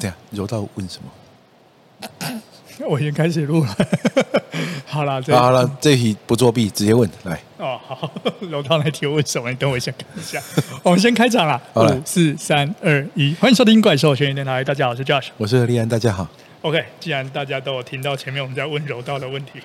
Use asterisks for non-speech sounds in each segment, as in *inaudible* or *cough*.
對啊，柔道問什麼、啊？我已經開始錄了。 *laughs* 好了，好了，這題不作弊，直接問，來。哦，好，好，柔道來提問什麼？你等我一下先看一下。 *laughs* 我們先開場了，五啦、四、三、二、一，歡迎收聽《怪獸》全新電台。大家好，我是 Josh，我是何麗安，大家好。OK，既然大家都有聽到前面我們在問柔道的問題，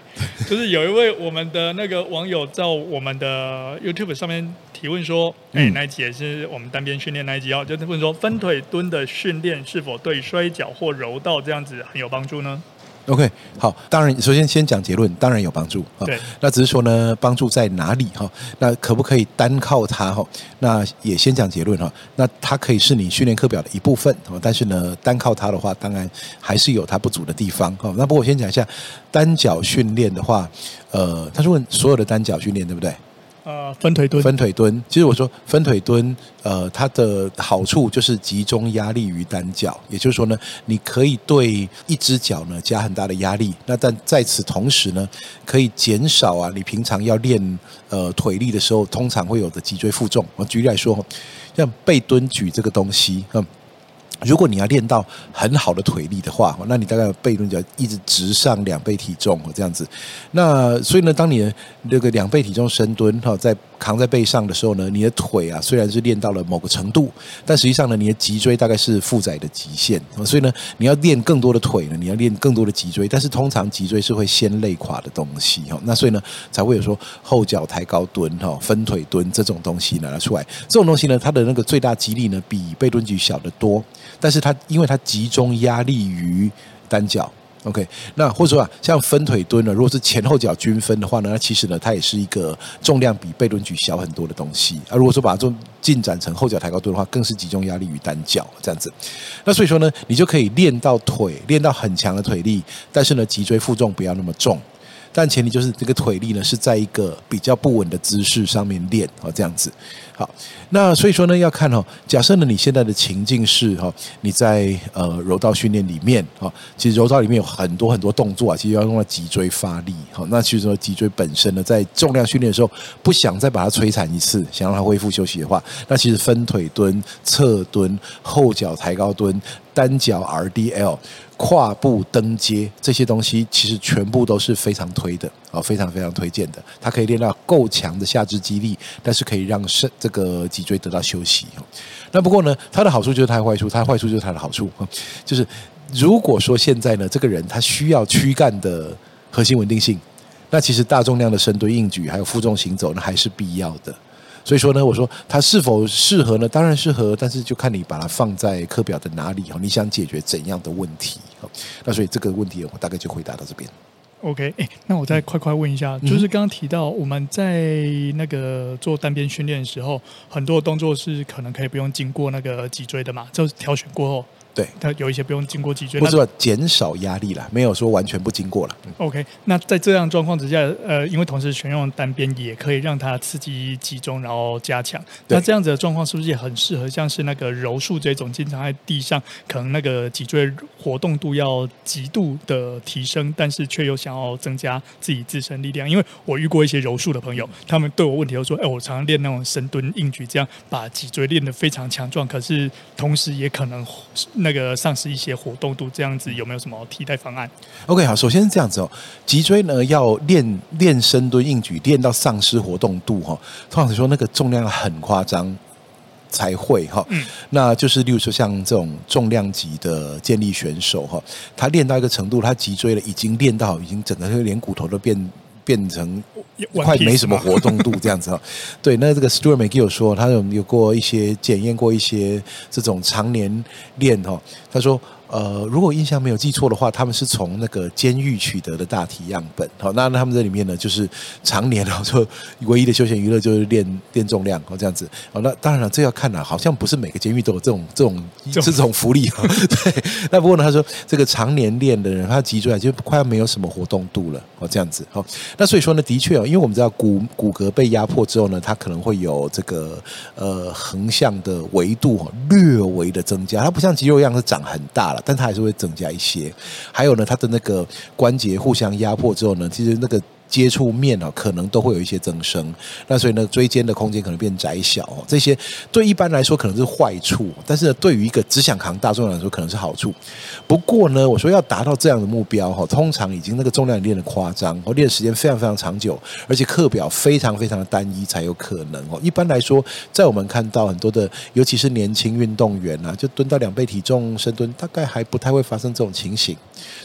就是有一位我們的那個網友在我們的 YouTube 上面提問說：“哎、欸，那一集也是我們單邊訓練那一集哦，就是、問說分腿蹲的訓練是否對摔跤或柔道這樣子很有幫助呢？” OK，好，當然，首先先講結論，當然有幫助啊。對那只是說呢，幫助在哪裡哈？那可不可以單靠它哈？那也先講結論哈。那它可以是你訓練課表的一部分，但是呢，單靠它的話，當然還是有它不足的地方哈。那不過我先講一下單腳訓練的話，呃，他是問所有的單腳訓練對不對？呃，分腿蹲、分腿蹲，其實我說分腿蹲，呃，它的好處就是集中壓力於單腳，也就是說呢，你可以對一只腳呢加很大的壓力，那但在此同時呢，可以減少啊你平常要練呃腿力的時候通常會有的脊椎負重。我舉例來說，像背蹲舉這個東西，嗯。如果你要練到很好的腿力的話，那你大概背蹲就要一直直上兩倍體重，這樣子。那所以呢，當你的那個兩倍體重深蹲在扛在背上的時候呢，你的腿啊雖然是練到了某個程度，但實際上呢，你的脊椎大概是負載的極限。所以呢，你要練更多的腿呢，你要練更多的脊椎，但是通常脊椎是會先累垮的東西，那所以呢，才會有說後腳抬高蹲、分腿蹲這種東西拿出來。這種東西呢，它的那個最大肌力呢，比背蹲舉小得多。但是它因為它集中壓力於單腳，OK，那或者說啊，像分腿蹲呢，如果是前後腳均分的話呢，那其實呢，它也是一個重量比背蹲舉小很多的東西。啊，如果說把它做進展成後腳抬高蹲的話，更是集中壓力於單腳這樣子。那所以說呢，你就可以練到腿，練到很強的腿力，但是呢，脊椎負重不要那麼重。但前提就是這個腿力呢，是在一個比較不穩的姿勢上面練哦，這樣子。好，那所以說呢，要看哦。假設呢你現在的情境是、哦、你在呃柔道訓練裡面、哦、其實柔道裡面有很多很多動作啊，其實要用到脊椎發力。哦、那其實說脊椎本身呢，在重量訓練的時候不想再把它摧殘一次，想讓它恢復休息的話，那其實分腿蹲、側蹲、後腳抬高蹲、單腳 RDL。跨步登階這些東西其實全部都是非常推的啊，非常非常推薦的。它可以練到夠強的下肢肌力，但是可以讓身這個脊椎得到休息。那不過呢，它的好處就是它的壞處，它的壞處就是它的好處。就是如果說現在呢，這個人他需要軀幹的核心穩定性，那其實大重量的深蹲硬舉還有負重行走那還是必要的。所以說呢，我說它是否適合呢？當然適合，但是就看你把它放在課表的哪裡哈，你想解決怎樣的問題？那所以這個問題我大概就回答到這邊。OK，誒，那我再快快問一下，嗯、就是剛剛提到我們在那個做單邊訓練的時候，很多動作是可能可以不用經過那個脊椎的嘛？就是挑選過後。對，他有一些不用經過脊椎，不是那減少壓力了，沒有說完全不經過了。OK，那在這樣的狀況之下，呃，因為同時全用單邊也可以讓它刺激集中，然後加強。對那這樣子的狀況是不是也很適合？像是那個柔術這種，經常在地上，可能那個脊椎活動度要極度的提升，但是卻又想要增加自己自身力量。因為我遇過一些柔術的朋友，他們對我問題都說：“哎，我常常練那種深蹲硬舉，這樣把脊椎練得非常強壯，可是同時也可能。”那個喪失一些活動度，這樣子有沒有什麼替代方案？OK，好，首先是這樣子哦，脊椎呢要練練深蹲、硬舉，練到喪失活動度哈、哦。通常說那個重量很誇張才會哈、哦，嗯、那就是例如說像這種重量級的健力選手哈、哦，他練到一個程度，他脊椎了已經練到已經整個連骨頭都變。變成快沒什麼活動度這樣子哈。One piece *laughs* 對，那這個 Stuart McGill 說，他有有過一些檢驗過一些這種常年練哈，他說。呃，如果印象沒有記錯的話，他們是從那個監獄取得的大體樣本。好、哦，那那他們這裡面呢，就是常年然後、哦、就唯一的休閒娛樂就是練練重量哦，這樣子。哦，那當然了，這要看啊，好像不是每個監獄都有這種這種這種，這種福利。哦、 *laughs* 對，那不過呢，他說這個常年練的人，他脊椎啊就快要沒有什麼活動度了哦，這樣子。哦，那所以說呢，的確哦，因為我們知道骨骨骼被壓迫之後呢，它可能會有這個呃橫向的維度、哦、略微的增加，它不像肌肉一樣是長很大了。但它還是會增加一些，還有呢，它的那個關節互相壓迫之後呢，其實那個。接觸面可能都會有一些增生，那所以呢，椎間的空間可能變窄小，這些對一般來說可能是壞處，但是呢，對於一個只想扛大重量來說，可能是好處。不過呢，我說要達到這樣的目標，通常已經那個重量練得誇張，練的時間非常非常長久，而且課表非常非常的單一才有可能哦。一般來說，在我們看到很多的，尤其是年輕運動員啊，就蹲到兩倍體重深蹲，大概還不太會發生這種情形。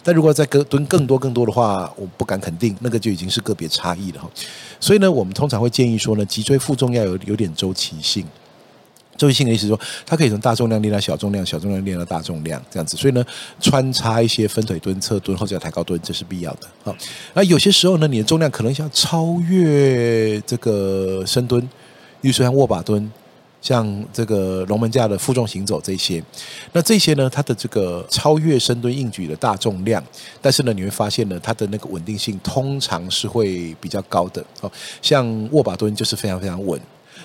但如果再蹲更多更多的話，我不敢肯定，那個就已經是。是個別差異的哈，所以呢，我們通常會建議說呢，脊椎負重要有有點周期性。周期性的意思說，它可以從大重量練到小重量，小重量練到大重量這樣子。所以呢，穿插一些分腿蹲、側蹲或者叫抬高蹲，這是必要的。好、哦，那有些時候呢，你的重量可能要超越這個深蹲，例如說像握把蹲。像這個龍門架的負重行走這些，那這些呢，它的這個超越深蹲硬舉的大重量，但是呢，你會發現呢，它的那個穩定性通常是會比較高的。哦，像握把蹲就是非常非常穩。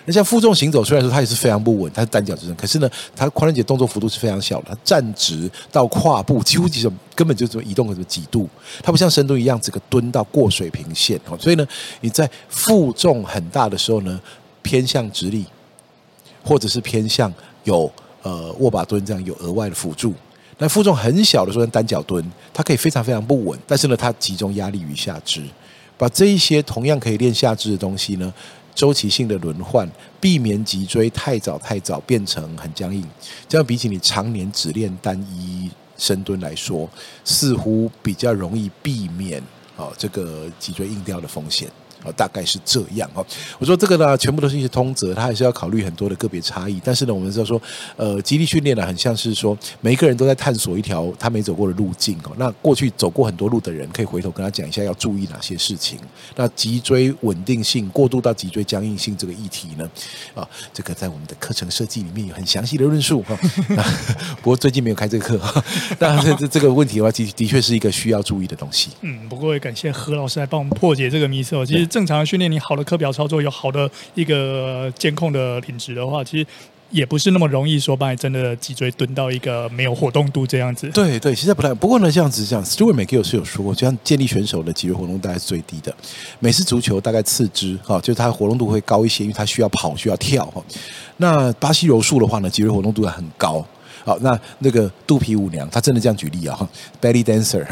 那像負重行走雖然說它也是非常不穩，它是單腳支撐，可是呢，它髖關節動作幅度是非常小的，它站直到跨步幾乎幾種，根本就這麼移動個幾度，它不像深蹲一樣整個蹲到過水平線。哦，所以呢，你在負重很大的時候呢，偏向直立。或者是偏向有呃、握把蹲這樣，有額外的輔助，那負重很小的時候單腳蹲，它可以非常非常不穩，但是呢，它集中壓力於下肢，把這一些同樣可以練下肢的東西呢，週期性的輪換，避免脊椎太早太早變成很僵硬，這樣比起你常年只練單一深蹲來說，似乎比較容易避免哦這個脊椎硬掉的風險。大概是這樣。我說這個呢，全部都是一些通則，他還是要考慮很多的個別差異。但是呢，我們知道說，呃，肌力訓練呢，啊，很像是說每一個人都在探索一條他沒走過的路徑哦。那過去走過很多路的人，可以回頭跟他講一下要注意哪些事情。那脊椎穩定性過渡到脊椎僵硬性這個議題呢，啊，這個在我們的課程設計裡面有很詳細的論述哈。 *laughs* 不過最近沒有開這個課，當然這這個問題的話，的的確是一個需要注意的東西。嗯，不過也感謝何老師來幫我們破解這個迷思。我其實。正常的訓練，你好的課表操作，有好的一個監控的品質的話，其實也不是那麼容易說，把你真的脊椎蹲到一個沒有活動度這樣子。對對，其實不太。不過呢，這樣子講 Stuart McGill 是有說，就像健力選手的脊椎活動度大概是最低的，美式足球大概次之，哈，就是它的活動度會高一些，因為它需要跑，需要跳。哈，那巴西柔術的話呢，脊椎活動度還很高。好，那那個肚皮舞娘，她真的這樣舉例啊，Belly Dancer，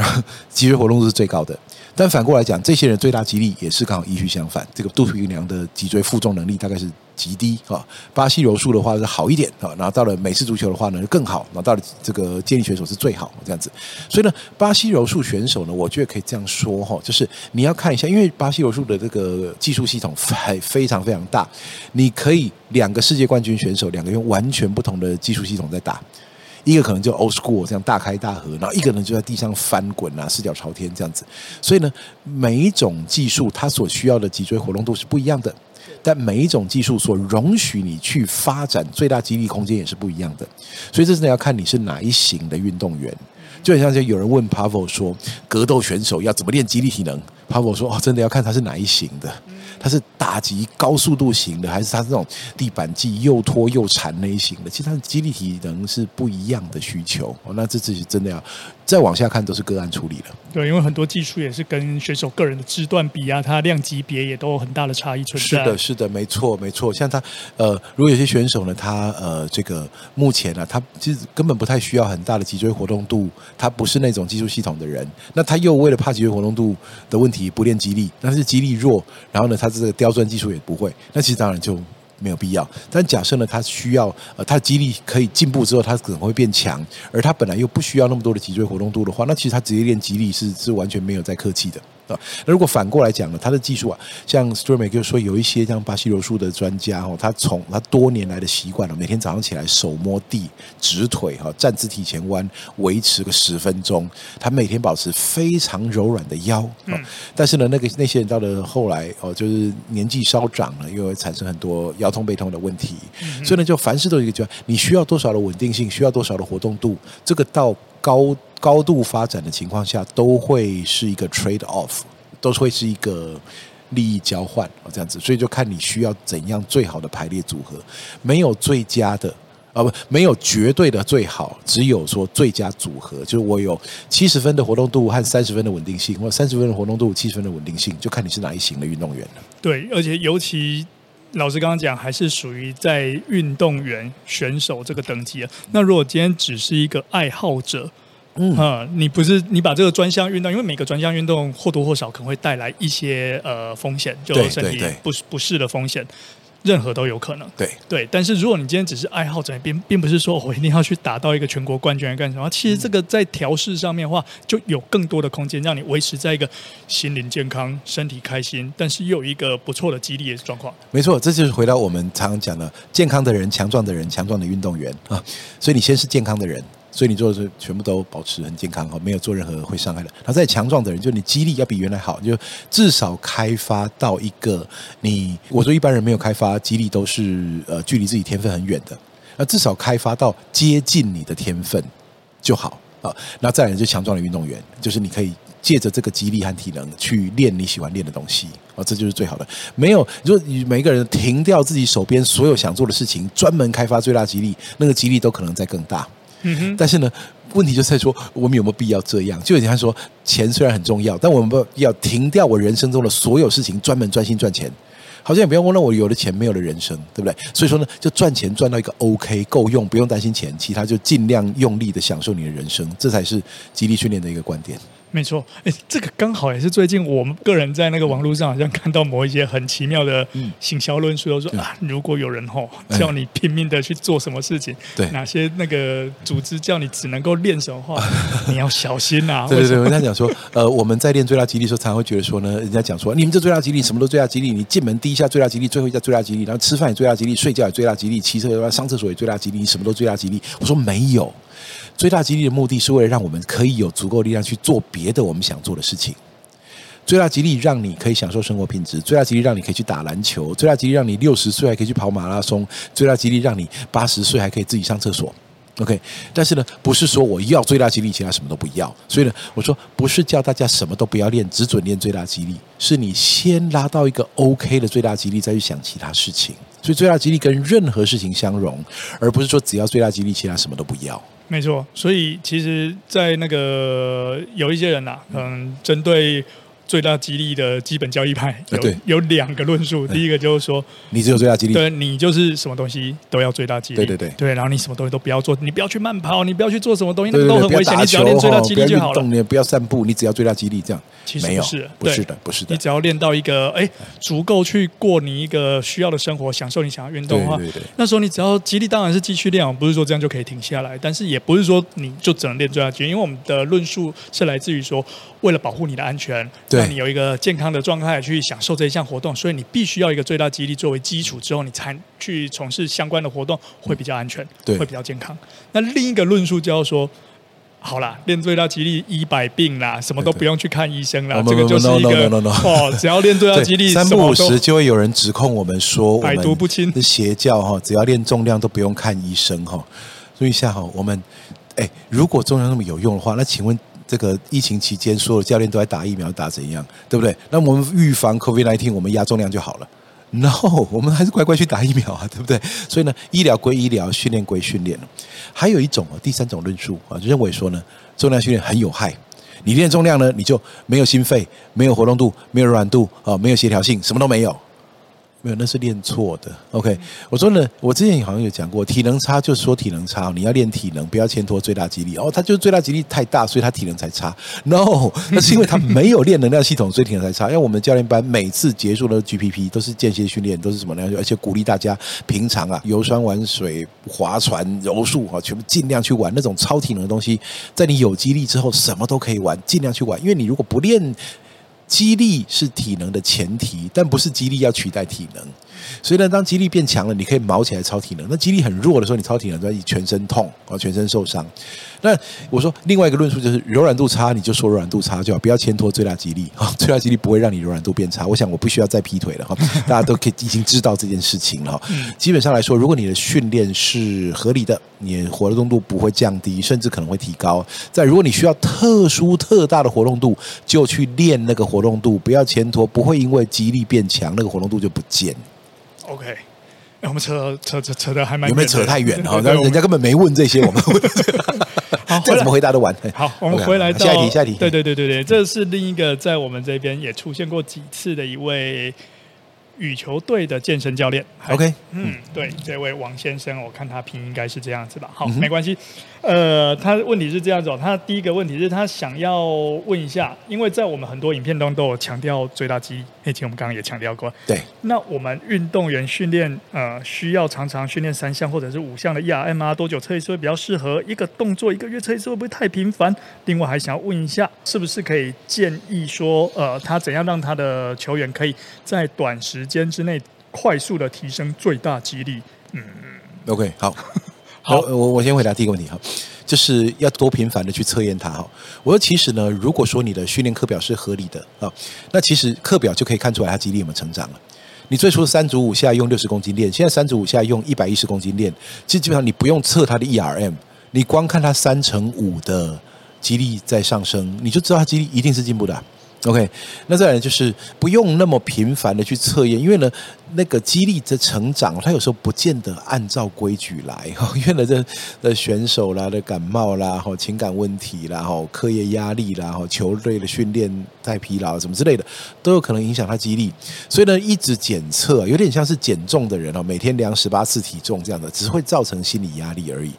脊椎活動度是最高的。但反過來講，這些人最大肌力也是剛好依序相反。這個杜甫良的脊椎負重能力大概是極低。巴西柔術的話是好一點，然後到了美式足球的話呢就更好，然後到了這個健力選手是最好這樣子。所以呢，巴西柔術選手呢，我覺得可以這樣說哈，就是你要看一下，因為巴西柔術的這個技術系統還非常非常大，你可以兩個世界冠軍選手，兩個用完全不同的技術系統在打。一個可能就 old school 這樣大開大合，然後一個人就在地上翻滾啊，四腳朝天這樣子。所以呢，每一種技術它所需要的脊椎活動度是不一樣的，但每一種技術所容許你去發展最大肌力空間也是不一樣的。所以這是要看你是哪一型的運動員。就很像是有人問 Pavel 說，格鬥選手要怎麼練肌力體能？Pavel 說，哦，真的要看他是哪一型的。他是打擊高速度型的，還是他這種地板技又拖又纏類型的？其實他的肌力體能是不一樣的需求。哦，那這次是真的要再往下看，都是個案處理了。對，因為很多技術也是跟選手個人的肢段比啊，他量級別也都有很大的差異存在。是的，是的，沒錯，沒錯。像他呃，如果有些選手呢，他呃，這個目前呢、啊，他其實根本不太需要很大的脊椎活動度，他不是那種技術系統的人，那他又為了怕脊椎活動度的問題不練肌力，那他是肌力弱，然後呢，他。這個刁鑽技術也不會，那其實當然就沒有必要。但假設呢，他需要呃，他肌力可以進步之後，他可能會變強，而他本來又不需要那麼多的脊椎活動度的話，那其實他直接練肌力是是完全沒有在客氣的。哦、那如果反過來講呢？他的技術啊，像 s t r o m k e r 說，有一些像巴西柔術的專家，他從他多年來的習慣了，每天早上起來手摸地、直腿哈、哦、站姿體前彎，維持個十分鐘，他每天保持非常柔軟的腰。哦嗯、但是呢，那個那些人到了後來哦，就是年紀稍長了，又會產生很多腰痛背痛的問題。嗯、哼所以呢，就凡事都有一個，就你需要多少的穩定性，需要多少的活動度，這個到。高高度發展的情況下，都會是一個 trade off，都會是一個利益交換這樣子。所以就看你需要怎樣最好的排列組合，沒有最佳的啊不、呃，沒有絕對的最好，只有說最佳組合。就是我有七十分的活動度和三十分的穩定性，或者三十分的活動度七十分的穩定性，就看你是哪一型的運動員了。對，而且尤其。老師剛剛講，還是屬於在運動員、選手這個等級。那如果今天只是一個愛好者，嗯，嗯，你不是你把這個專項運動，因為每個專項運動或多或少可能會帶來一些呃風險，就身體不適不適的風險。任何都有可能，對對，但是如果你今天只是愛好者，並並不是說我一定要去達到一個全國冠軍的幹什麼？其實這個在調試上面的話，就有更多的空間讓你維持在一個心靈健康、身體開心，但是又有一個不錯的激勵的狀況。沒錯，這就是回到我們常常講的健康的人、強壯的人、強壯的運動員啊。所以你先是健康的人。所以你做的是全部都保持很健康哦，沒有做任何會傷害的。那再強壯的人，就你肌力要比原來好，就至少開發到一個你，我說一般人沒有開發肌力都是呃距離自己天分很遠的，那至少開發到接近你的天分就好啊。那再來就是強壯的運動員，就是你可以借着這個肌力和體能去練你喜歡練的東西啊，這就是最好的。沒有，如果你每個人停掉自己手邊所有想做的事情，專門開發最大肌力，那個肌力都可能再更大。嗯哼，但是呢，問題就在說，我們有沒有必要這樣？就有點像說，錢雖然很重要，但我們要停掉我人生中的所有事情，專門專心賺錢，好像也不要忘了我有了錢沒有了人生，對不對？所以說呢，就賺錢賺到一個 OK，夠用，不用擔心錢，其他就盡量用力的享受你的人生，這才是肌力訓練的一個觀點。沒錯，哎，這個剛好也是最近我們個人在那個網絡上好像看到某一些很奇妙的行銷論述都說，說、嗯、啊，如果有人吼、哦、叫你拼命的去做什麼事情，對哪些那個組織叫你只能夠練什麼話，嗯、你要小心啊。對，對對，人家講說，呃，我們在練最大肌力的時候， *laughs* 常，常會覺得說呢，人家講說，你們這最大肌力什麼都最大肌力，你進門第一下最大肌力，最後一下最大肌力，然後吃飯也最大肌力，睡覺也最大肌力，騎車也上廁所也最大肌力，你什麼都最大肌力。我說沒有。最大肌力的目的是為了讓我們可以有足夠力量去做別的我們想做的事情。最大肌力讓你可以享受生活品質，最大肌力讓你可以去打籃球，最大肌力讓你六十歲還可以去跑馬拉松，最大肌力讓你八十歲還可以自己上廁所。OK，但是呢，不是說我要最大肌力，其他什麼都不要。所以呢，我說不是叫大家什麼都不要練，只准練最大肌力。是你先拉到一個 OK 的最大肌力，再去想其他事情。所以最大肌力跟任何事情相容，而不是說只要最大肌力，其他什麼都不要。沒錯，所以其實，在那個有一些人吶、啊，嗯，針對。最大肌力的基本教義派有有兩個論述，第一個就是說你只有最大肌力，對，你就是什麼東西都要最大肌力，對對對，對，然後你什麼東西都不要做，你不要去慢跑，你不要去做什麼東西，那都很危險。你只要練最大肌力就好了，不要運動，不要散步，你只要最大肌力這樣。其實不是，不是的，不是的。你只要練到一個哎足夠去過你一個需要的生活，享受你想要運動的話，那時候你只要肌力當然是繼續練，不是說這樣就可以停下來，但是也不是說你就只能練最大肌力，因為我們的論述是來自於說為了保護你的安全。對。你有一個健康的狀態去享受這一項活動，所以你必須要一個最大肌力作為基礎之後，你才去從事相關的活動會比較安全，嗯、對，會比較健康。那另一個論述就要說，好了，練最大肌力醫百病啦，什麼都不用去看醫生了，對對，這個就是一個哦，只要練最大肌力對，三不五時就會有人指控我們說百毒不侵邪教哈，只要練重量都不用看醫生哈。注意一下哈，我們哎，如果重量那麼有用的話，那請問，這個疫情期間，所有教練都在打疫苗，打怎樣，對不對？那我們預防 COVID-19，我們壓重量就好了。No，我們還是乖乖去打疫苗啊，對不對？所以呢，醫療歸醫療，訓練歸訓練。還有一種啊，第三種論述啊，認為說呢，重量訓練很有害。你練重量呢，你就沒有心肺，沒有活動度，沒有軟度啊，沒有協調性，什麼都沒有。沒有，那是練錯的。OK，我說呢，我之前好像有講過，體能差就說體能差，你要練體能，不要牽拖最大肌力。哦，他就是最大肌力太大，所以他體能才差。No，那是因為他沒有練能量系統， *laughs* 所以體能才差。因為我們教練班每次結束了 GPP 都是間歇訓練，都是什麼呢？而且鼓勵大家平常啊遊山玩水、划船、柔術啊，全部儘量去玩那種超體能的東西。在你有肌力之後，什麼都可以玩，儘量去玩。因為你如果不練。肌力是體能的前提，但不是肌力要取代體能。所以呢，當肌力變強了，你可以毛起來操體能。那肌力很弱的時候，你操體能，那你全身痛啊，全身受傷。那我說另外一個論述就是柔軟度差，你就說柔軟度差就好，不要牽拖最大肌力啊，最大肌力不會讓你柔軟度變差。我想我不需要再劈腿了哈，大家都可以已經知道這件事情了。 *laughs* 基本上來說，如果你的訓練是合理的，你的活動度不會降低，甚至可能會提高。在如果你需要特殊特大的活動度，就去練那個活動度，不要牽拖，不會因為肌力變強，那個活動度就不見。OK，欸、我們扯扯扯，扯得還蠻的還蠻有沒有扯得太遠了？哈，人家根本沒問這些，我們。 *laughs* 我、啊、怎麼回答得完。好，okay, 我們回來到。下一題，下一題。對對對對對，嗯、這是另一個在我們這邊也出現過幾次的一位羽球隊的健身教練。OK，嗯，嗯對，這位王先生，我看他拼應該是這樣子吧。好，嗯、哼沒關係。呃，他的問題是這樣子哦。他第一個問題是他想要問一下，因為在我們很多影片當中都有強調最大肌那，而且我們剛剛也強調過。對。那我們運動員訓練呃，需要常常訓練三項或者是五項的 ERMR 多久測一次會比較適合？一個動作一個月測一次會不會太頻繁？另外還想要問一下，是不是可以建議說，呃，他怎樣讓他的球員可以在短時間之內快速的提升最大肌力？嗯。OK，好。好，我我先回答第一個問題哈，就是要多頻繁的去測驗它哈。我說其實呢，如果說你的訓練課表是合理的啊，那其實課表就可以看出來它肌力有沒有成長了。你最初三組五下用六十公斤練，現在三組五下用一百一十公斤練，其實基本上你不用測它的 E R M，你光看它三乘五的肌力在上升，你就知道它肌力一定是進步的啊。OK，那再來就是不用那麼頻繁的去測驗，因為呢，那個肌力的成長，他有時候不見得按照規矩來，因為的的選手啦的感冒啦，情感問題啦，哈課業壓力啦，球隊的訓練太疲勞什麼之類的，都有可能影響他肌力。所以呢，一直檢測有點像是減重的人哦，每天量十八次體重這樣的，只是會造成心理壓力而已。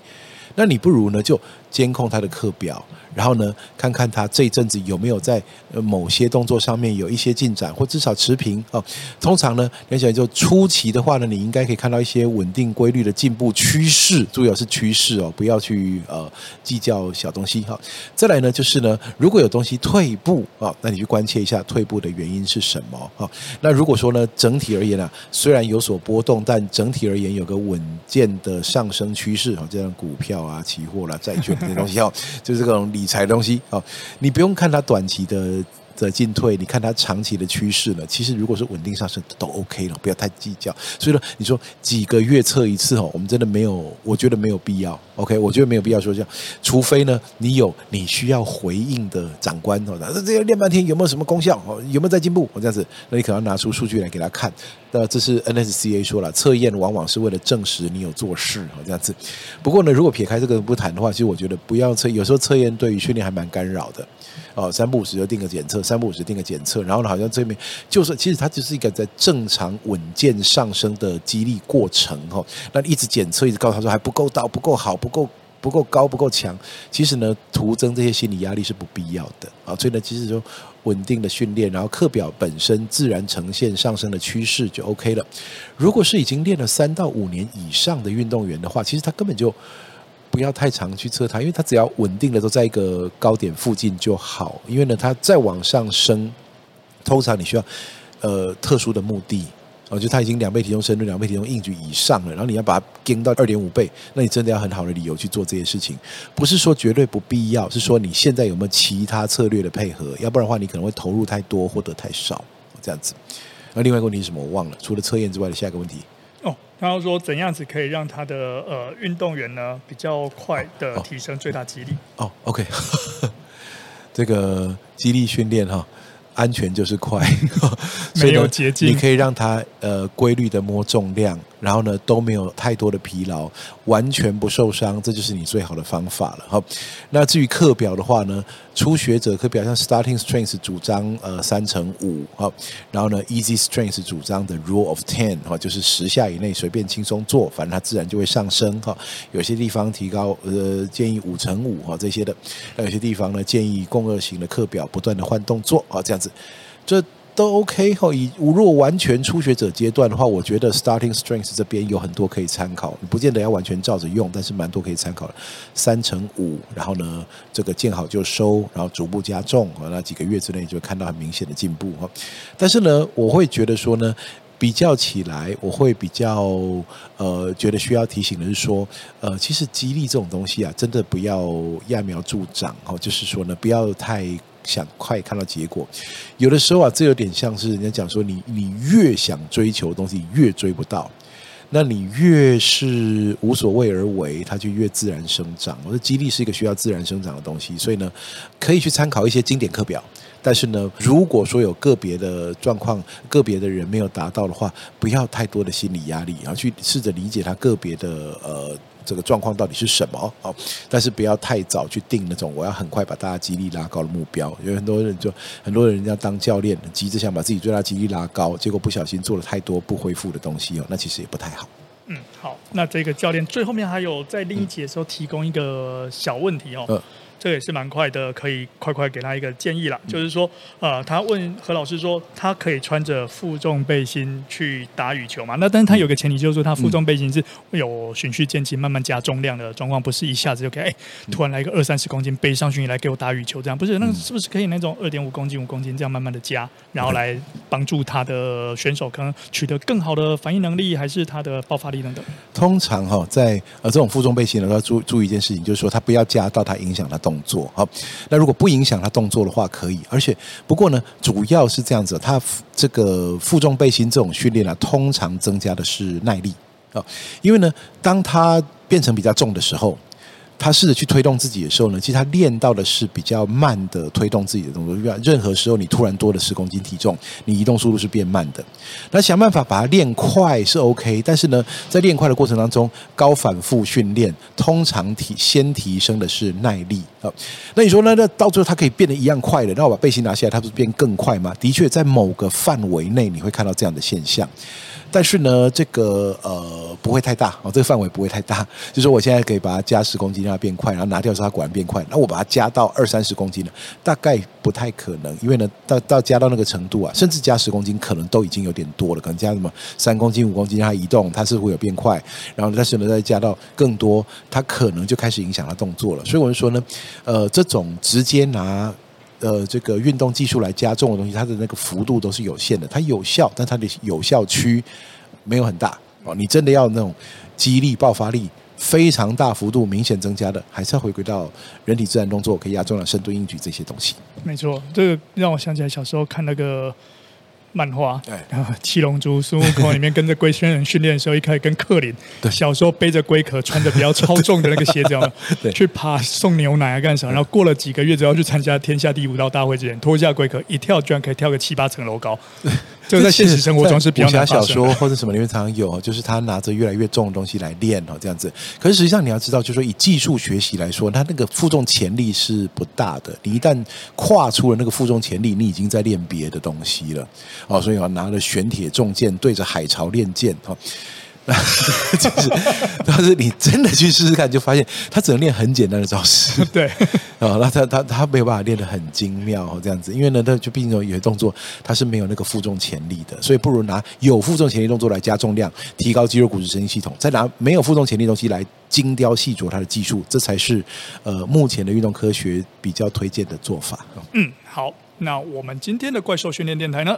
那你不如呢就。監控他的課表，然後呢，看看他這一陣子有沒有在某些動作上面有一些進展，或至少持平哦。通常呢，聯想就初期的話呢，你應該可以看到一些穩定規律的進步趨勢，主要是趨勢哦，不要去呃計較小東西哈、哦。再來呢，就是呢，如果有東西退步啊、哦，那你去關切一下退步的原因是什麼啊、哦？那如果說呢，整體而言啊，雖然有所波動，但整體而言有個穩健的上升趨勢啊、哦，這樣股票啊、期貨啦、啊、債券、啊。 *laughs* 東西哦，就是 *music* 這種理財的東西哦，你不用看它短期的的進退，你看它長期的趨勢了。其實如果是穩定上升，都 OK 了，不要太計較。所以呢，你說幾個月測一次哦，我們真的沒有，我覺得沒有必要。OK，我覺得沒有必要說這樣，除非呢，你有你需要回應的長官哦。那這練半天有沒有什麼功效？哦、有沒有在進步？我、哦、這樣子，那你可能要拿出數據來給他看。那、呃、這是 NSCA 說了，測驗往往是為了證實你有做事哦，這樣子。不過呢，如果撇開這個不談的話，其實我覺得不要測。有時候測驗對於訓練還蠻干擾的哦。三不五時就定個檢測，三不五時定個檢測，然後呢，好像這邊就是其實它就是一個在正常穩健上升的激勵過程哈、哦。那一直檢測，一直告訴他說還不夠到，不夠好，不。不夠不夠高不夠強，其實呢，徒增這些心理壓力是不必要的啊。所以呢，其實說穩定的訓練，然後課表本身自然呈現上升的趨勢就 OK 了。如果是已經練了三到五年以上的運動員的話，其實他根本就不要太常去測他，因為他只要穩定的都在一個高點附近就好。因為呢，他再往上升，通常你需要呃特殊的目的。哦，就他已經兩倍體重深蹲，兩倍體重硬舉以上了。然後你要把它 gain 到二點五倍,那你真的要很好的理由去做這些事情。不是說絕對不必要，是說你現在有沒有其他策略的配合？要不然的話，你可能會投入太多，獲得太少，這樣子。那另外一個問題是什麼？我忘了。除了測驗之外的下一個問題。哦，他說說怎樣子可以讓他的呃運動員呢比較快的提升最大肌力？哦，哦，OK， *laughs* 這個肌力訓練哈。哦安全就是快， *laughs* 所以呢你可以讓他呃規律的摸重量。然後呢，都沒有太多的疲勞，完全不受傷，這就是你最好的方法了哈。那至於課表的話呢，初學者課表像 Starting Strength 主張呃三乘五哈，然後呢 Easy Strength 主張的 Rule of Ten 哈，就是十下以內隨便輕鬆做，反正它自然就會上升哈。有些地方提高呃建議五乘五哈這些的，那有些地方呢建議共軛型的課表不斷的換動作啊這樣子，這。都 OK，以我如果完全初學者階段的話，我覺得 Starting Strength 這邊有很多可以參考，你不見得要完全照着用，但是蠻多可以參考的。三乘五，然後呢，這個見好就收，然後逐步加重，那幾個月之內就看到很明顯的進步哈。但是呢，我會覺得說呢，比較起來，我會比較呃覺得需要提醒的是說，呃，其實肌力這種東西啊，真的不要揠苗助長哦，就是說呢，不要太。想快看到結果，有的時候啊，這有點像是人家講說你，你你越想追求的東西，越追不到，那你越是無所謂而為，它就越自然生長。我的肌力是一個需要自然生長的東西，所以呢，可以去參考一些經典課表。但是呢，如果說有個別的狀況，個別的人沒有達到的話，不要太多的心理壓力，然後去試着理解他個別的呃。這個狀況到底是什麼？好，但是不要太早去定那種我要很快把大家肌力拉高的目標，有很多人就很多人要當教練，急着想把自己最大肌力拉高，結果不小心做了太多不恢復的東西哦，那其實也不太好。嗯，好，那這個教練最後面還有在另一集的時候提供一個小問題哦。嗯嗯這也是蠻快的，可以快快給他一個建議了，嗯、就是說，呃，他問何老師說，他可以穿着負重背心去打羽球嗎？那但是他有個前提，就是說他負重背心是有、嗯哎、循序漸進、慢慢加重量的狀況，不是一下子就可以、哎、突然來個二三十公斤背上，訓練來給我打羽球這樣，不是？那是不是可以那種二點五公斤、五公斤這樣慢慢的加，然後來幫助他的選手可能取得更好的反應能力，還是他的爆發力等等？通常哈、哦，在呃這種負重背心呢，要注注意一件事情，就是說他不要加到他影響他動。動作啊，那如果不影響他動作的話，可以。而且，不過呢，主要是這樣子，他這個負重背心這種訓練呢，通常增加的是耐力啊，因為呢，當他變成比較重的時候。他試着去推動自己的時候呢，其實他練到的是比較慢的推動自己的動作。任何時候你突然多了十公斤體重，你移動速度是變慢的。那想辦法把它練快是 OK，但是呢，在練快的過程當中，高反覆訓練通常提先提升的是耐力啊。那你說呢？那到最後他可以變得一樣快的？那我把背心拿下來，他不是變更快嗎？的確，在某個範圍內，你會看到這樣的現象。但是呢，這個呃不會太大哦，這個範圍不會太大。就是說我現在可以把它加十公斤，讓它變快，然後拿掉的時候它果然變快。那我把它加到二三十公斤呢，大概不太可能，因為呢到到加到那個程度啊，甚至加十公斤可能都已經有點多了，可能加什麼三公斤、五公斤讓它移動，它是會有變快。然後但是呢，再加到更多，它可能就開始影響它動作了。所以我們說呢，呃，這種直接拿。呃，這個運動技術，來加重的東西，它的那個幅度都是有限的。它有效，但它的有效區沒有很大哦。你真的要那種，肌力爆發力非常大幅度，明顯增加的，還是要回歸到人體自然動作，可以壓重了深蹲、硬舉這些東西。沒錯，這個讓我想起來小時候看那個。漫畫，然後對《七龍珠》孫悟空裡面跟着龜仙人訓練的時候，一開始跟克林，對小時候背着龜殼，穿着比較超重的那個鞋子有沒有對去爬送牛奶啊幹啥？對然後過了幾個月，之後去參加天下第五道大會之前，脫下龜殼一跳，居然可以跳個七八層樓高。就在現實生活中，是比較的武俠小說或者什麼裡面常常有，就是他拿着越來越重的東西來練哦，這樣子。可是實際上你要知道，就是說以技術學習來說，他那個負重潛力是不大的。你一旦跨出了那個負重潛力，你已經在練別的東西了哦。所以啊，拿着玄鐵重劍對着海潮練劍哈。 *laughs* 就是， *laughs* 但是你真的去試試看，就發現他只能練很簡單的招式， *laughs* 對，哦，那他他他，他沒有辦法練得很精妙，哦，這樣子，因為呢，他就畢竟有有些動作他是沒有那個負重潛力的，所以不如拿有負重潛力動作來加重量，提高肌肉骨質神經系統，再拿沒有負重潛力東西來精雕細琢他的技術，這才是呃目前的運動科學比較推薦的做法。嗯，好，那我們今天的怪獸訓練電台呢，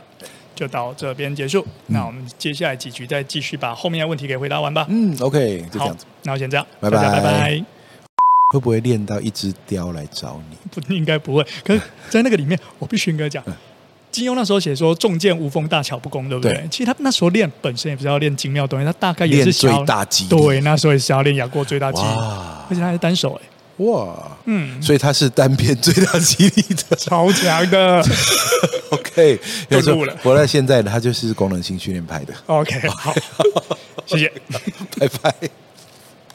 就到這邊結束，那我們接下來幾局再繼續把後面的問題給回答完吧。嗯，OK，就這樣子，好，那我先這樣，拜拜拜拜。會不會練到一隻雕來找你？不，應該不會，可是在那個裡面，我必須應該講，金庸那時候寫說重劍無鋒，大巧不工，對不對？其實他那時候練本身也不是要練精妙東西，他大概也是想最大肌。對，那時候也是要練楊過最大肌，而且他是單手哎，哇，嗯，所以他是單邊最大肌力的，超強的。嘿，有失誤了。活在現在的他就是功能性訓練派的。OK，好， *laughs* 好謝謝，拜拜。